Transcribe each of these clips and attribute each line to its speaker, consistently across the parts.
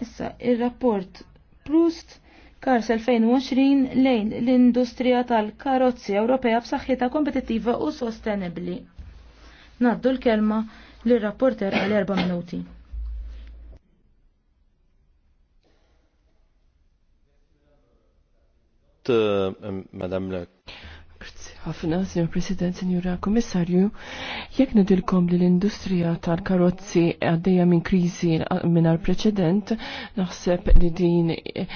Speaker 1: Issa, il-rapport Proust Kars 2020 lejn l-industrija tal-karozzi Ewropea b'saħħitha kompetittiva u sostenibbli. Naddu l-kelma l rapporter għal erba' minuti. Uh, Madame la
Speaker 2: ħafna, Signor President, Signora Komissarju, jekk nidilkom li l-industrija tal-karozzi għaddeja minn krizi minn preċedent naħseb li din eh,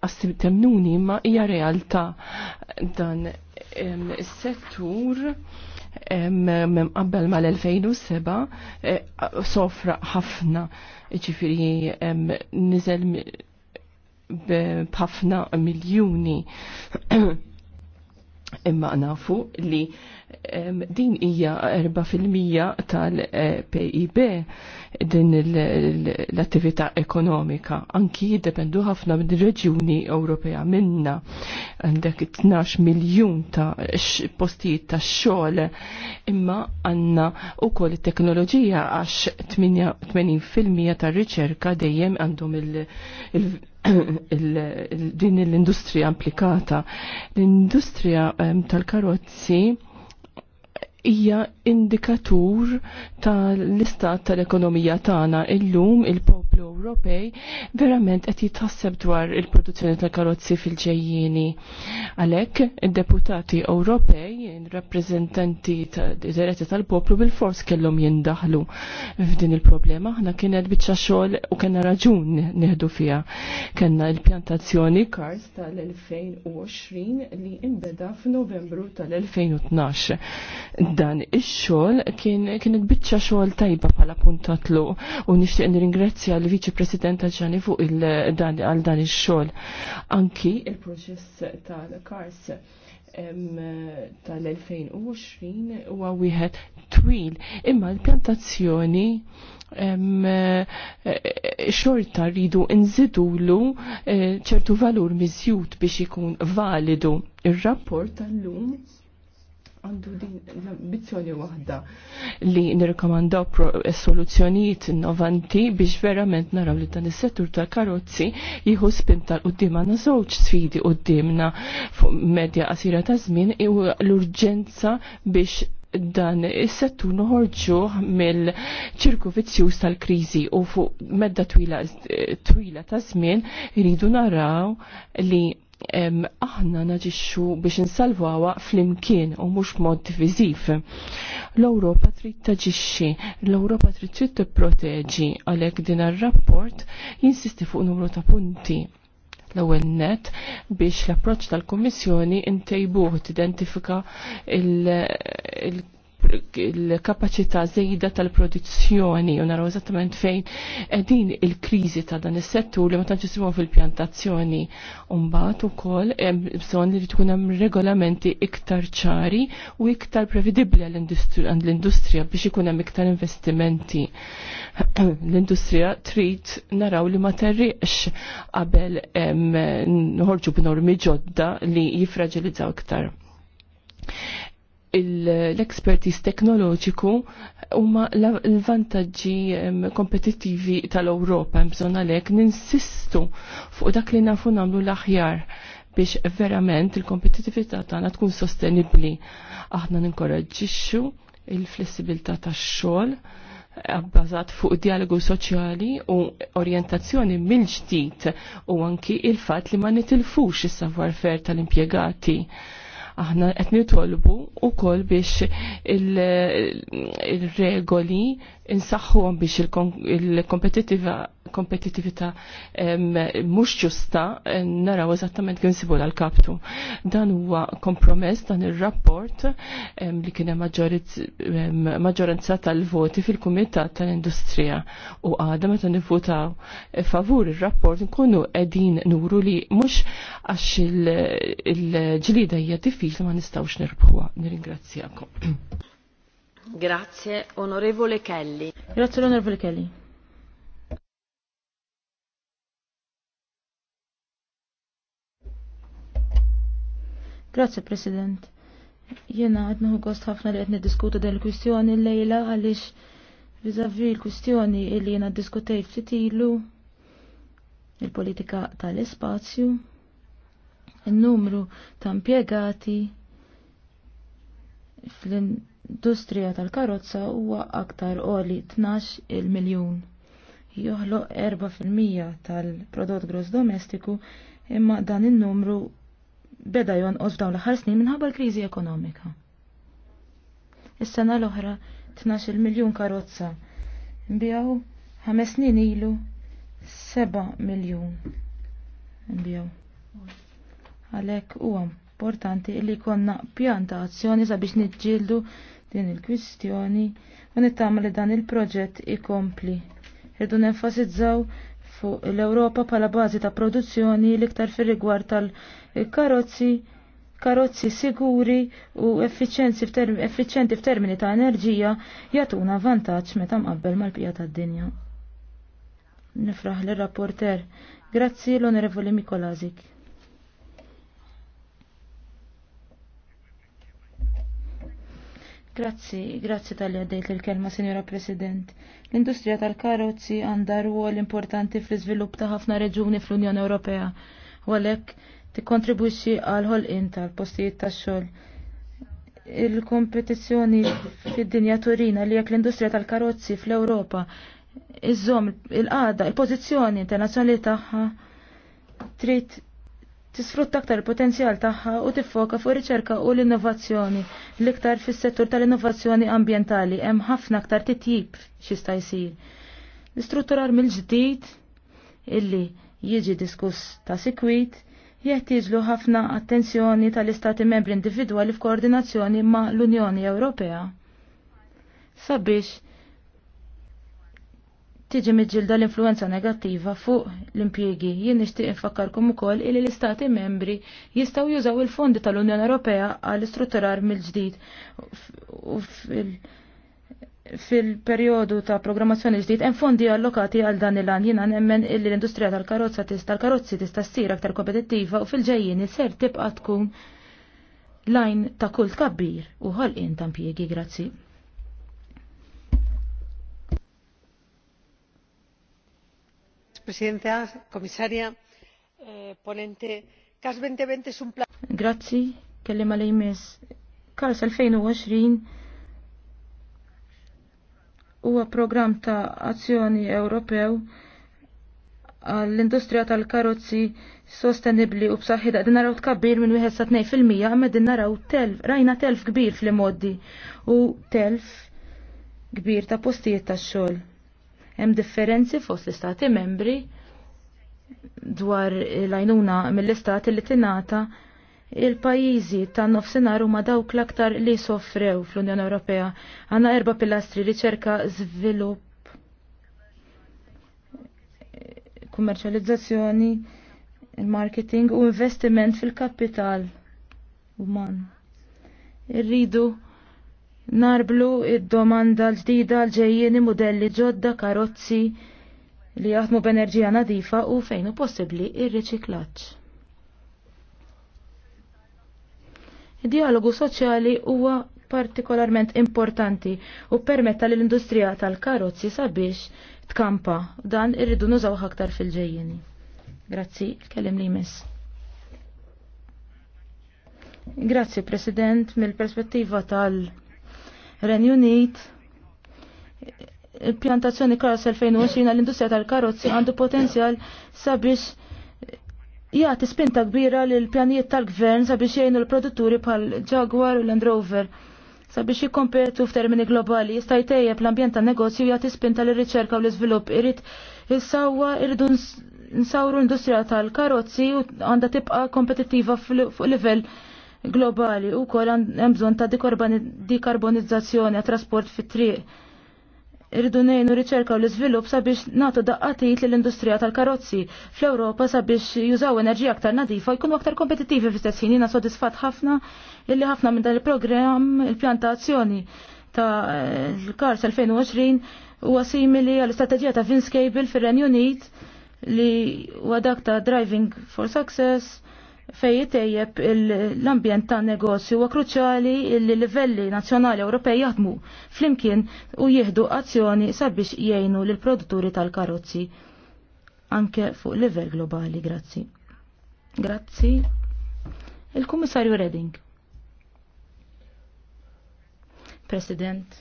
Speaker 2: għastib temnuni ma hija realtà dan is-settur minn qabel mal-2007 eh, sofra ħafna ġifiri nizel b'ħafna miljuni Imma nafu li din hija 4% tal-PIB din l-attività ekonomika. Anki jiddependu ħafna minn reġjuni Ewropea minna għandek 12 miljun ta' postijiet ta' xogħol imma għandna ukoll it-teknoloġija għax 80% ta' riċerka dejjem għandhom il-, il din l-industrija implikata. L-industrija ehm, tal-karozzi hija indikatur tal-istat tal-ekonomija tagħna illum il-popolo poplu Ewropej verament qed jitħasseb dwar il-produzzjoni tal karozzi fil ġejjini Għalhekk id-deputati Ewropej, rappreżentanti diretti tal-poplu bil-fors kellhom jindaħlu f'din il-problema. Aħna kienet biċċa xogħol u kellna raġun nieħdu fiha. Kenna l-pjantazzjoni Kars tal-2020 li inbeda f'Novembru tal-2012. Dan ix-xogħol kien kienet biċċa xogħol tajba bħala puntatlu u nixtieq nirringrazzja l viċi President Ġani fuq il-dan għal dan ix-xogħol. Anki il-proċess tal-Kars tal-2020 huwa wieħed twil, imma l-pjantazzjoni eh, xorta rridu nżidulu eh, ċertu valur miżjud biex ikun validu. il rapport tal-lum għandu din l-ambizjoni waħda li nirkomandaw soluzzjonijiet innovanti biex verament naraw li dan is-settur ta' karozzi jieħu spinta qudiem għandna żewġ sfidi qudiemna fuq medja qasira ta' żmien u l-urġenza biex dan is settur noħorġu mill-ċirku vizzjuż tal-kriżi u fuq medda twila, twila ta' żmien iridu naraw li aħna naġixxu biex għawa fl-imkien u mhux mod divizif. L-Ewropa trid taġixxi, l-Ewropa trid trid tipproteġi għalhekk din ar-rapport jinsisti fuq numru ta' punti l-ewwel net biex l-approċċ tal-Kummissjoni ntejbuh tidentifika il il-kapacità żejda tal-produzzjoni u naraw eżattament fejn eh, din il-kriżi ta' dan is-settur li ma tantx isimhom fil-pjantazzjoni. Mbagħad ukoll hemm eh, bżonn li tkun hemm regolamenti iktar ċari u iktar prevedibbli għall-industrija biex ikun hemm iktar investimenti. L-industrija trid naraw li ma terriqx qabel noħorġu b'normi ġodda li jifraġilizzaw iktar l-expertise teknoloġiku huma l-vantaġġi kompetittivi tal-Ewropa bżonn għalhekk ninsistu fuq dak li nafu nagħmlu l-aħjar biex verament il-kompetitività tagħna tkun sostenibbli. Aħna ninkoraġġixxu il-flessibilità tax-xogħol abbażat eh, fuq dialogu soċjali u orientazzjoni mill-ġdid u anki il-fatt li ma nitilfux is-savoir fer tal-impjegati Aħna qed nitolbu wkoll biex il-regoli insaħħuhom biex il-kompetitiva kompetitività mhux ġusta naraw eżattament kien sibu l-kaptu. Dan huwa kompromess dan ir-rapport li kien hemm maġġoranza tal-voti fil-Kumitat tal-Industrija u għada meta nivvutaw favur ir-rapport nkunu qegħdin nuru li mhux għax il-ġlida hija diffiċli ma nistgħux
Speaker 1: nirbħuha. Nirringrazzjakom. Grazie, onorevole Kelly. Grazie, onorevole Kelly. Grazzi, President. Jena għed nħu gost ħafna li għed diskutu del kwistjoni l-lejla għalix vizavi l-kwistjoni li jena diskutej ftit ilu il-politika tal-espazju, il-numru ta' impiegati fl-industrija tal-karozza huwa aktar għoli 12 il-miljun. Joħloq 4% tal-prodott gross domestiku imma dan il-numru beda jonqos f'dawn l-aħħar snin minħabba l-kriżi ekonomika. Is-sena l-oħra 12 miljun karozza nbijaw ħames snin ilu 7 miljun nbijaw. Għalhekk huwa importanti li konna pjanta azzjoni sabiex niġġieldu din il-kwistjoni u nittama li dan il-proġett ikompli. Irdu nenfasizzaw fuq l-Ewropa pala bażi ta' produzzjoni l-iktar fir-rigward tal-karozzi karozzi siguri u effiċenti f'termini ta' enerġija jatuna vantaġġ meta mqabbel mal-pija tad-dinja. Nifraħ l-rapporter. Grazzi l-Onorevoli Mikolazik. Grazzi, grazzi tal-li għaddejt il-kelma, Sinjora President. L-industrija tal-karozzi għandha rwol importanti fl-iżvilupp ta' ħafna reġuni fl-Unjoni Ewropea. U għalhekk tikkontribwixxi għal ħolqien tal-postijiet tax-xogħol. Il-kompetizzjoni fid-dinja turina li jekk l-industrija tal-karozzi fl-Ewropa iżżomm il-qada, il-pożizzjoni internazzjonali tagħha trid tisfrutta aktar potenzjal tagħha u tiffoka fuq riċerka u l-innovazzjoni l-iktar fis-settur tal-innovazzjoni ambjentali hemm ħafna aktar titjib x'ista jsir. L-istrutturar mill-ġdid illi jiġi diskuss ta' sikwit jeħtieġlu ħafna attenzjoni tal-istati membri individwali f'koordinazzjoni ma' l-Unjoni Ewropea. Sabiex tiġi miġilda l-influenza negattiva fuq l-impjiegi. Jien nixtieq infakkarkom ukoll li l-Istati membri jistgħu jużaw il-fondi tal-Unjoni Ewropea għal istrutturar mill-ġdid u fil-perjodu ta' programmazzjoni ġdid hemm fondi allokati għal dan il-għan jiena nemmen illi l-industrija tal-karozza tal-karozzi tista' ssir aktar kompetittiva u fil-ġejjin ser tibqa' tkun lajn ta' kull kabbir u ħolqien ta' impjiegi. Grazzi. Presidenta, Komissarja, eh, Ponente. Kas 2020 un plan. Grazzi, kellim għalaj mis. Kars 2020 huwa program ta' azzjoni Ewropew għall-industrija tal-karozzi sostenibli u b'saħħi din naraw tkabbir minn wieħed sa tnejn fil-mija imma din naraw telf, rajna telf kbir fl-imoddi u telf kbir ta' postijiet tax-xogħol. Hemm differenzi fost l-istati membri dwar l-għajnuna mill-istati li tinata il-pajizi ta' nofsinar huma dawk l-aktar li soffrew fl-Unjoni Ewropea. Għanna erba pilastri riċerka żvilupp kummerċjalizzazzjoni, il-marketing u investiment fil-kapital uman. Irridu Narblu id-domanda l-ġdida l-ġejjeni modelli ġodda karozzi li jaħdmu b'enerġija nadifa u fejn hu possibbli ir-riċiklaġġ. Id-dialogu soċjali huwa partikolarment importanti u permetta l industrija tal-karozzi sabiex tkampa dan irridu nużaw aktar fil-ġejjeni. Grazzi, kellem li mis. Grazzi, President, mill-perspettiva tal- Renju il-pjantazzjoni karos 2020 l industrija tal-karozzi għandu potenzjal sabiex jgħati spinta kbira l pjanijiet tal-gvern sabiex jgħinu l-produtturi pal Jaguar u Land Rover sabiex jikkompetu f'termini globali jista' pl l-ambjent tan-negozju jgħati spinta l riċerka u l-iżvilupp irid issawwa irridu nsawru l-industrija tal-karozzi u għandha tibqa' kompetittiva fuq livell globali u kol hemm bżonn ta' dekarbonizzazzjoni għat trasport fit-triq. Irridu ngħinu riċerka u l-iżvilupp sabiex nagħtu daqqatit lill-industrija tal-karozzi fl-Ewropa sabiex jużaw enerġija aktar nadifa jkunu aktar kompetittivi fl-istess ħin jiena sodisfatt ħafna illi ħafna minn dan il-programm il-pjantazzjoni ta' l-Kars 2020 huwa simili għall-istrateġija ta' Vince Cable fir-Renju Unit li huwa dak ta' Driving for Success fej jitejjeb l-ambjent ta' negozju u kruċjali li livelli nazzjonali Ewropej jaħdmu flimkien u jieħdu azzjoni sabiex jgħinu l produtturi tal-karozzi anke fuq livell globali. Grazzi. Grazzi. Il-Kummissarju Reding. President.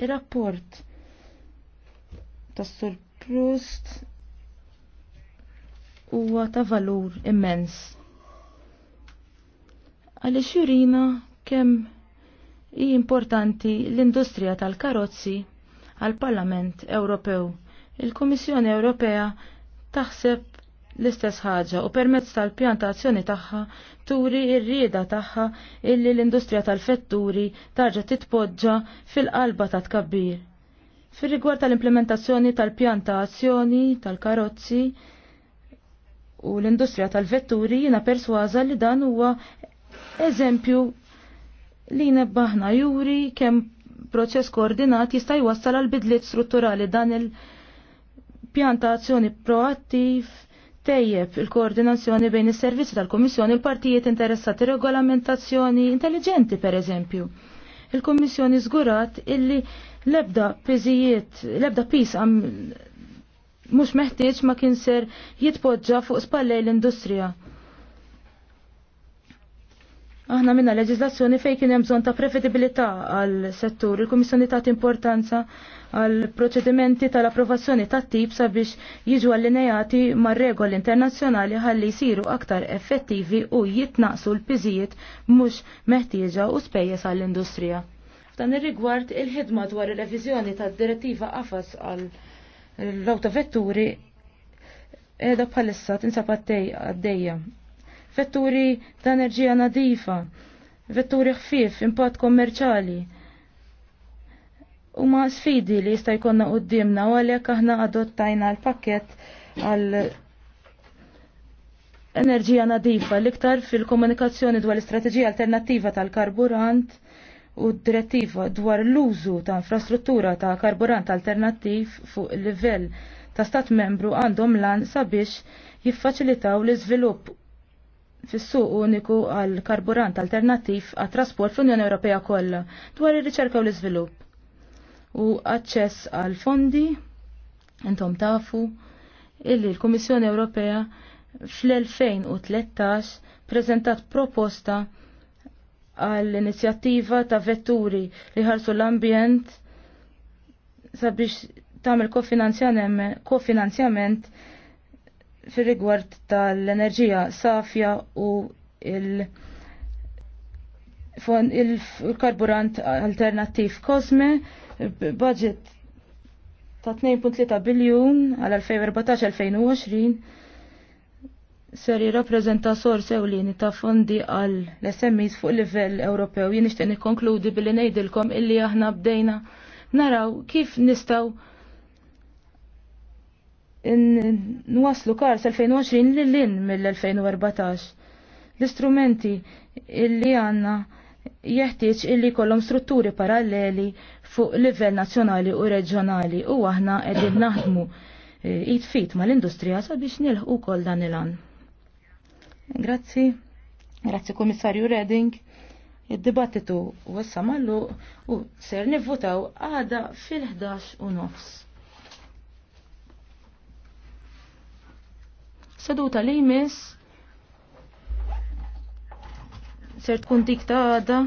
Speaker 1: Ir-rapport tas-Sur Proust huwa ta' valur immens. Għaliex jurina kemm hi importanti l-industrija tal-karozzi għal-Parlament Ewropew. Il-Kummissjoni Ewropea taħseb l-istess ħaġa u permezz tal-pjantazzjoni tagħha turi r-rieda tagħha illi l-industrija tal-fetturi tarġa' titpoġġa fil-qalba ta' tkabbir. Fir-rigward tal-implementazzjoni tal-pjantazzjoni tal-karozzi, tal u l-industrija tal-vetturi jina perswaza li dan huwa eżempju li nebbaħna juri kemm proċess koordinat jista' jwassal għal bidliet strutturali dan il-pjantazzjoni proattiv tejjeb il-koordinazzjoni bejn is-servizzi tal-Kummissjoni il l-partijiet interessati regolamentazzjoni intelligenti per eżempju. Il-Kummissjoni żgurat illi l-ebda piżijiet, l-ebda pis mhux meħtieġ ma kien ser jitpoġġa fuq spallej l-industrija. Aħna minna leġislazzjoni fej kien hemm bżonn ta' prevedibilità għal settur. il komissjoni ta' importanza għal proċedimenti tal-approvazzjoni tat tip sabiex jiġu allineati mar regoli internazzjonali ħalli jsiru aktar effettivi u jitnaqsu l-piżijiet mhux meħtieġa u spejjeż għall-industrija. F'dan ir-rigward il-ħidma dwar ir-reviżjoni tad-direttiva qafas għal l-awta vetturi edha bħalissa tinsab għaddejja. Vetturi ta' enerġija nadifa, vetturi ħfif, impatt kommerċali. Huma sfidi li jista' jkollna qudiemna u għalhekk aħna adottajna l-pakkett għal enerġija nadifa l-iktar fil-komunikazzjoni dwar l-istrateġija alternattiva tal-karburant u direttiva dwar l-użu ta' infrastruttura ta' karburant alternattiv fuq livell ta' stat membru għandhom lan sabiex jiffaċilitaw l-iżvilupp fis-suq uniku għal karburant alternattiv għat trasport fl-Unjoni Ewropea kollha dwar ir-riċerka u l-iżvilupp. U aċċess għal fondi intom tafu illi l-Kummissjoni Ewropea fl-2013 preżentat proposta għall-inizjattiva ta' vetturi li ħarsu l-ambjent sabiex tagħmel kofinanzjament fir rigward tal-enerġija safja u il- il-karburant alternattiv Kosme budget ta' 2.3 biljun għal 2014-2020 ser jirrappreżenta sor ewlieni ta' fondi għal l-SMEs fuq livell Ewropew. Jien nixtieq nikkonkludi billi ngħidilkom illi aħna bdejna naraw kif nistgħu nwaslu kars 2020 lil lin mill-2014. L-istrumenti illi għandna jeħtieġ illi kollhom strutturi paralleli fuq livell nazzjonali u reġjonali u aħna qegħdin naħdmu eh, id fit mal-industrija sabiex nilħu kol dan il-an. Grazzi, grazzi Komissarju Reding. Id-dibattitu wassa mallu u ser nivvotaw għada fil-11 u nofs. Seduta li jmiss ser tkun dik ta' għada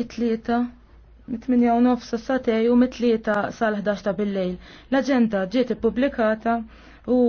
Speaker 1: it-tlieta mit-8 u nofsa satej u mit-tlieta sal-11 ta' bil-lejl. L-agenda ġiet ippubblikata u